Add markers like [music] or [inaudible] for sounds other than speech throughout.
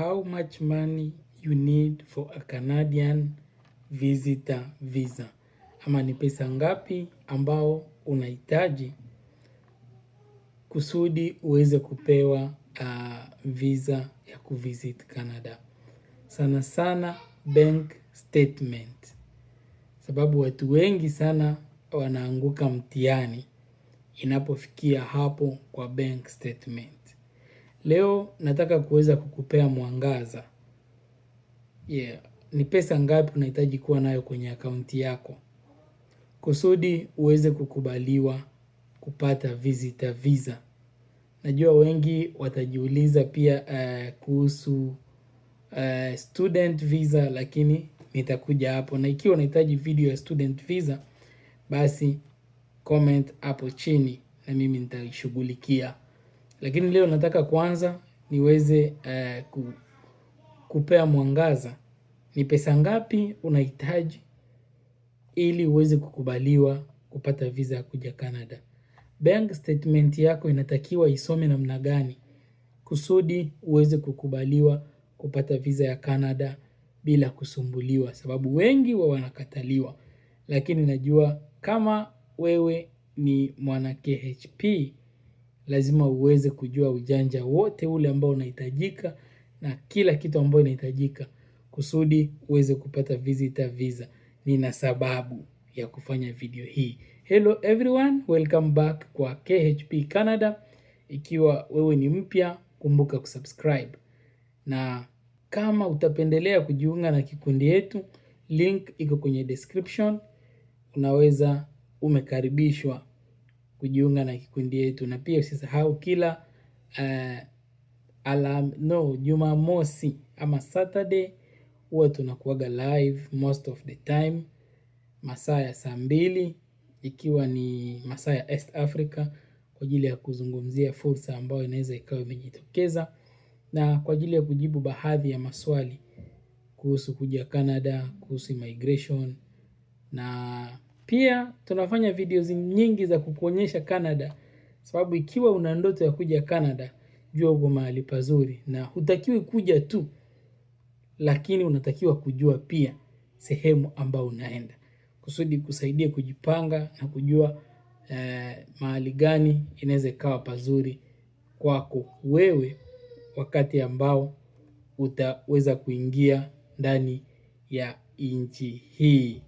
How much money you need for a Canadian visitor visa? Ama ni pesa ngapi ambao unahitaji kusudi uweze kupewa uh, visa ya kuvisit Canada. Sana sana bank statement, sababu watu wengi sana wanaanguka mtihani inapofikia hapo kwa bank statement. Leo nataka kuweza kukupea mwangaza. Yeah, ni pesa ngapi unahitaji kuwa nayo kwenye akaunti yako kusudi uweze kukubaliwa kupata visitor visa. Najua wengi watajiuliza pia uh, kuhusu uh, student visa, lakini nitakuja hapo, na ikiwa unahitaji video ya student visa basi comment hapo chini na mimi nitaishughulikia. Lakini leo nataka kwanza niweze uh, ku, kupea mwangaza ni pesa ngapi unahitaji ili uweze kukubaliwa kupata visa ya kuja Canada. Bank statement yako inatakiwa isome namna gani kusudi uweze kukubaliwa kupata visa ya Canada bila kusumbuliwa, sababu wengi wa wanakataliwa. Lakini najua kama wewe ni mwana KHP lazima uweze kujua ujanja wote ule ambao unahitajika na kila kitu ambayo inahitajika kusudi uweze kupata visitor visa. Nina sababu ya kufanya video hii. Hello everyone, welcome back kwa KHP Canada. Ikiwa wewe ni mpya, kumbuka kusubscribe, na kama utapendelea kujiunga na kikundi yetu, link iko kwenye description. Unaweza umekaribishwa kujiunga na kikundi yetu, na pia usisahau kila uh, eh, alam, no Jumamosi ama Saturday huwa tunakuaga live most of the time masaa ya saa mbili ikiwa ni masaa ya East Africa kwa ajili ya kuzungumzia fursa ambayo inaweza ikawa imejitokeza na kwa ajili ya kujibu baadhi ya maswali kuhusu kuja Canada, kuhusu migration na pia tunafanya videos nyingi za kukuonyesha Canada, sababu ikiwa una ndoto ya kuja Canada, jua uko mahali pazuri na hutakiwi kuja tu, lakini unatakiwa kujua pia sehemu ambao unaenda kusudi kusaidia kujipanga na kujua eh, mahali gani inaweza ikawa pazuri kwako wewe wakati ambao utaweza kuingia ndani ya nchi hii.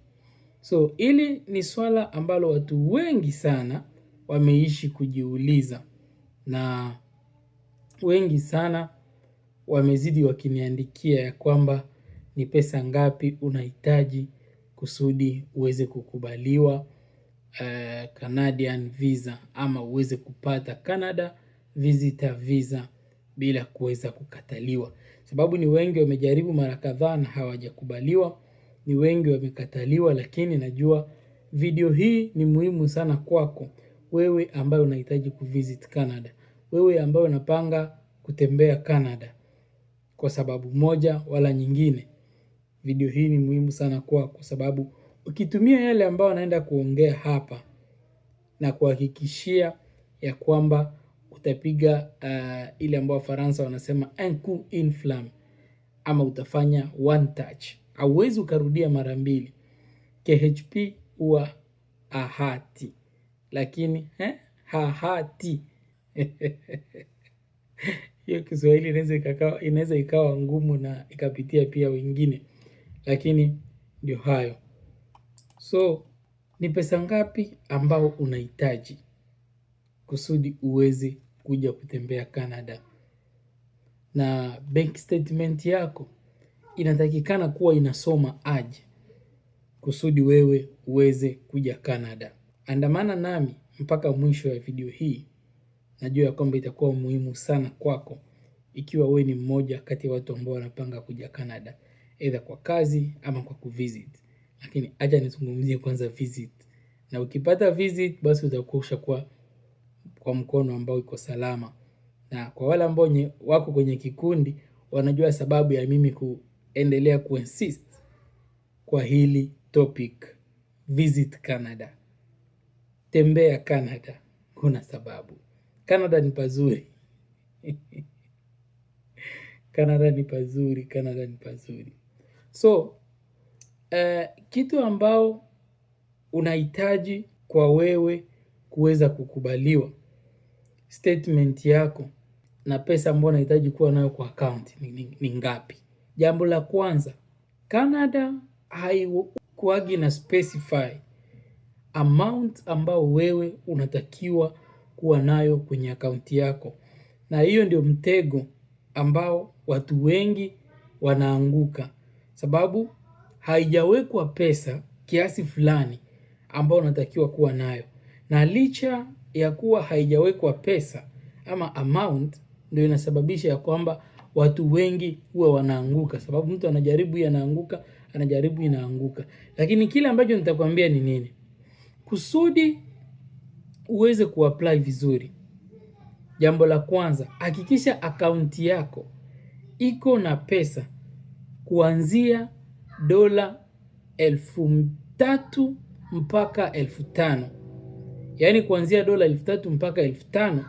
So hili ni swala ambalo watu wengi sana wameishi kujiuliza na wengi sana wamezidi wakiniandikia ya kwamba ni pesa ngapi unahitaji kusudi uweze kukubaliwa uh, Canadian visa ama uweze kupata Canada visitor visa bila kuweza kukataliwa, sababu ni wengi wamejaribu mara kadhaa na hawajakubaliwa ni wengi wamekataliwa, lakini najua video hii ni muhimu sana kwako wewe ambaye unahitaji kuvisit Canada, wewe ambaye unapanga kutembea Canada kwa sababu moja wala nyingine. Video hii ni muhimu sana kwako, kwa sababu ukitumia yale ambayo naenda kuongea hapa na kuhakikishia ya kwamba utapiga uh, ile ambayo Wafaransa wanasema un coup une flamme ama utafanya one touch hauwezi ukarudia mara mbili. KHP huwa ahati, lakini eh, hahati [laughs] hiyo Kiswahili inaweza ikawa ngumu na ikapitia pia wengine, lakini ndio hayo. So ni pesa ngapi ambao unahitaji kusudi uweze kuja kutembea Canada na bank statement yako inatakikana kuwa inasoma aje kusudi wewe uweze kuja Canada. Andamana nami mpaka mwisho wa video hii. Najua ya kwamba itakuwa muhimu sana kwako ikiwa wewe ni mmoja kati ya watu ambao wanapanga kuja Canada either kwa kazi ama kwa kuvisit. Lakini acha nizungumzie kwanza visit. Na ukipata visit basi utakuwa ushakuwa kwa mkono ambao iko salama. Na kwa wale ambao wako kwenye kikundi wanajua sababu ya mimi ku endelea kuinsist kwa hili topic. Visit Canada, tembea Canada, kuna sababu Canada ni pazuri [laughs] Canada ni pazuri, Canada ni pazuri. So uh, kitu ambao unahitaji kwa wewe kuweza kukubaliwa statement yako na pesa ambayo unahitaji kuwa nayo kwa account ni, ni, ni ngapi? Jambo la kwanza, Canada haikuagi na specify amount ambao wewe unatakiwa kuwa nayo kwenye akaunti yako, na hiyo ndio mtego ambao watu wengi wanaanguka, sababu haijawekwa pesa kiasi fulani ambao unatakiwa kuwa nayo, na licha ya kuwa haijawekwa pesa ama amount, ndio inasababisha ya kwamba watu wengi huwa wanaanguka, sababu mtu anajaribu hii anaanguka, anajaribu inaanguka. Lakini kile ambacho nitakwambia ni nini, kusudi uweze kuapply vizuri. Jambo la kwanza, hakikisha akaunti yako iko na pesa kuanzia dola elfu tatu mpaka elfu tano yaani kuanzia dola elfu tatu mpaka elfu tano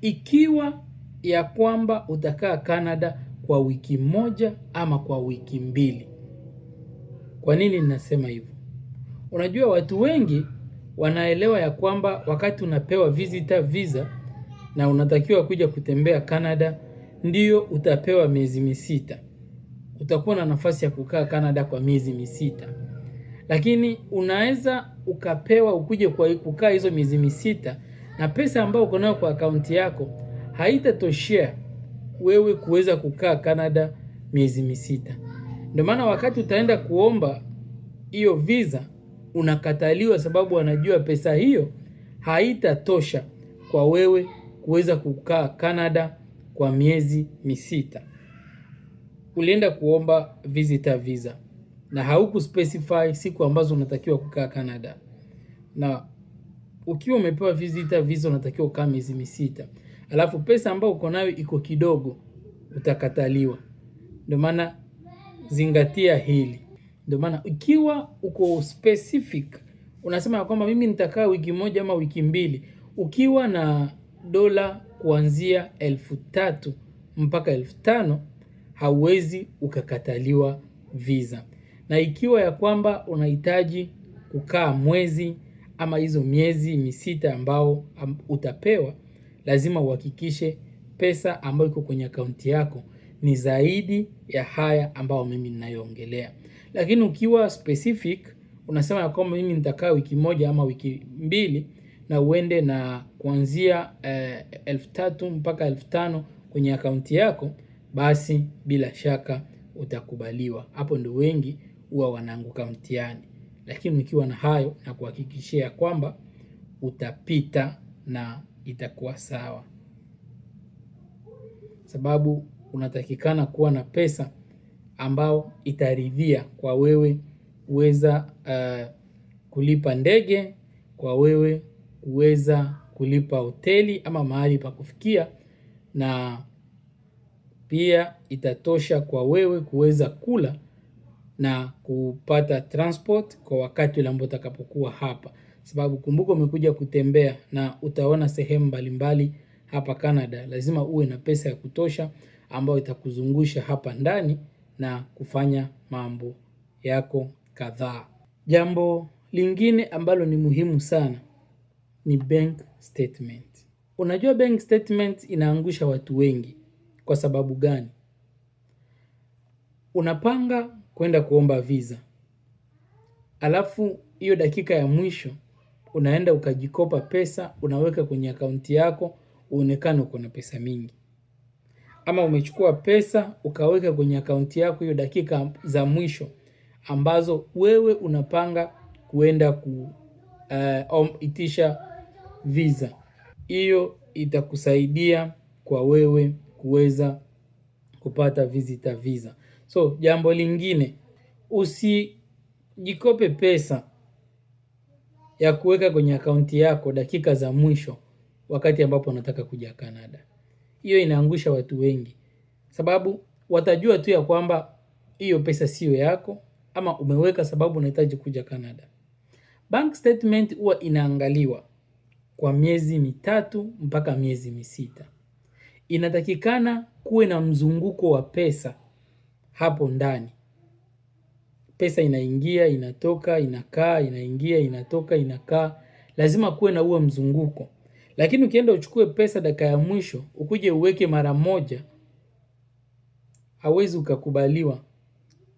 ikiwa ya kwamba utakaa Canada kwa wiki moja ama kwa wiki mbili. Kwa nini ninasema hivyo? Unajua watu wengi wanaelewa ya kwamba wakati unapewa visitor visa na unatakiwa kuja kutembea Canada, ndio utapewa miezi misita, utakuwa na nafasi ya kukaa Canada kwa miezi misita, lakini unaweza ukapewa ukuje kwa kukaa hizo miezi misita na pesa ambayo uko nayo kwa akaunti yako haitatoshea wewe kuweza kukaa Canada miezi misita. Ndio maana wakati utaenda kuomba hiyo visa unakataliwa, sababu wanajua pesa hiyo haitatosha kwa wewe kuweza kukaa Canada kwa miezi misita. Ulienda kuomba visitor visa na hauku specify siku ambazo unatakiwa kukaa Canada, na ukiwa umepewa visitor visa unatakiwa kukaa miezi misita alafu pesa ambayo uko nayo iko kidogo, utakataliwa. Ndio maana zingatia hili. Ndio maana ikiwa uko specific unasema ya kwamba mimi nitakaa wiki moja ama wiki mbili, ukiwa na dola kuanzia elfu tatu mpaka elfu tano hauwezi ukakataliwa visa. Na ikiwa ya kwamba unahitaji kukaa mwezi ama hizo miezi misita ambao utapewa lazima uhakikishe pesa ambayo iko kwenye akaunti yako ni zaidi ya haya ambayo mimi ninayoongelea. Lakini ukiwa specific unasema ya kwamba mimi nitakaa wiki moja ama wiki mbili na uende na kuanzia eh, elfu tatu mpaka elfu tano kwenye akaunti yako, basi bila shaka utakubaliwa. Hapo ndio wengi huwa wanaanguka mtihani, lakini ukiwa na hayo na kuhakikishia kwamba utapita na itakuwa sawa, sababu unatakikana kuwa na pesa ambao itaridhia kwa wewe kuweza uh, kulipa ndege, kwa wewe kuweza kulipa hoteli ama mahali pa kufikia, na pia itatosha kwa wewe kuweza kula na kupata transport kwa wakati ule ambao utakapokuwa hapa sababu kumbuka umekuja kutembea na utaona sehemu mbalimbali hapa Canada, lazima uwe na pesa ya kutosha ambayo itakuzungusha hapa ndani na kufanya mambo yako kadhaa. Jambo lingine ambalo ni muhimu sana ni bank statement. Unajua bank statement inaangusha watu wengi. Kwa sababu gani? Unapanga kwenda kuomba visa, alafu hiyo dakika ya mwisho unaenda ukajikopa pesa unaweka kwenye akaunti yako uonekane uko na pesa mingi, ama umechukua pesa ukaweka kwenye akaunti yako hiyo dakika za mwisho ambazo wewe unapanga kuenda kuitisha eh, uh, visa. Hiyo itakusaidia kwa wewe kuweza kupata visitor visa. So jambo lingine, usijikope pesa ya kuweka kwenye akaunti yako dakika za mwisho wakati ambapo unataka kuja Canada. Hiyo inaangusha watu wengi, sababu watajua tu ya kwamba hiyo pesa siyo yako ama umeweka sababu unahitaji kuja Canada. Bank statement huwa inaangaliwa kwa miezi mitatu mpaka miezi misita. Inatakikana kuwe na mzunguko wa pesa hapo ndani pesa inaingia inatoka inakaa inaingia inatoka inakaa, lazima kuwe na huo mzunguko. Lakini ukienda uchukue pesa dakika ya mwisho ukuje uweke mara moja, hawezi ukakubaliwa.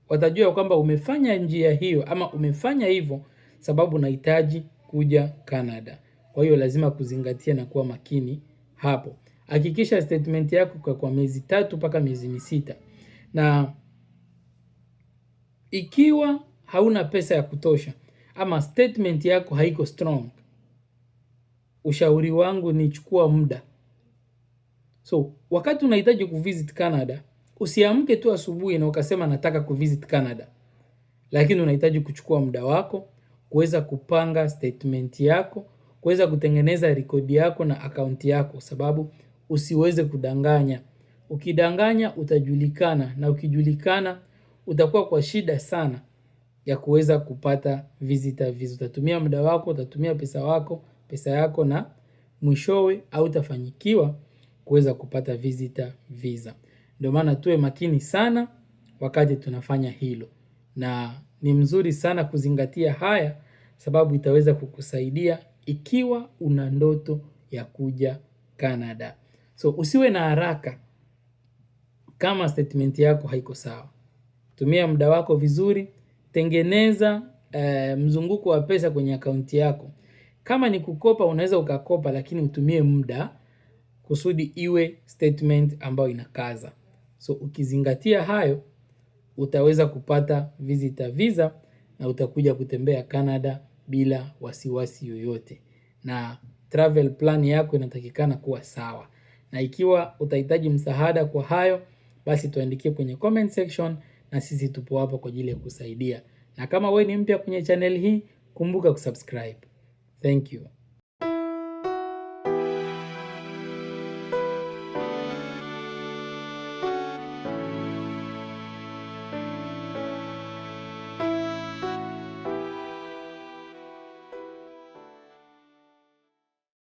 Watajua kwamba umefanya njia hiyo ama umefanya hivyo sababu unahitaji kuja Canada. Kwa hiyo lazima kuzingatia na kuwa makini hapo. Hakikisha statement yako kwa, kwa miezi tatu mpaka miezi misita na ikiwa hauna pesa ya kutosha ama statement yako haiko strong, ushauri wangu ni chukua muda. So wakati unahitaji kuvisit Canada, usiamke tu asubuhi na ukasema nataka kuvisit Canada, lakini unahitaji kuchukua muda wako kuweza kupanga statement yako, kuweza kutengeneza rekodi yako na akaunti yako, sababu usiweze kudanganya. Ukidanganya utajulikana, na ukijulikana utakuwa kwa shida sana ya kuweza kupata visitor visa. Utatumia muda wako, utatumia pesa wako, pesa yako na mwishowe hautafanyikiwa kuweza kupata visitor visa. Ndio maana tuwe makini sana wakati tunafanya hilo, na ni mzuri sana kuzingatia haya, sababu itaweza kukusaidia ikiwa una ndoto ya kuja Canada. So usiwe na haraka kama statement yako haiko sawa tumia muda wako vizuri, tengeneza eh, mzunguko wa pesa kwenye akaunti yako. Kama ni kukopa, unaweza ukakopa, lakini utumie muda kusudi iwe statement ambayo inakaza. So ukizingatia hayo, utaweza kupata visitor visa na utakuja kutembea Canada bila wasiwasi yoyote, na travel plan yako inatakikana kuwa sawa, na ikiwa utahitaji msaada kwa hayo, basi tuandikie kwenye comment section na sisi tupo hapo kwa ajili ya kusaidia. Na kama wewe ni mpya kwenye channel hii, kumbuka kusubscribe. Thank you.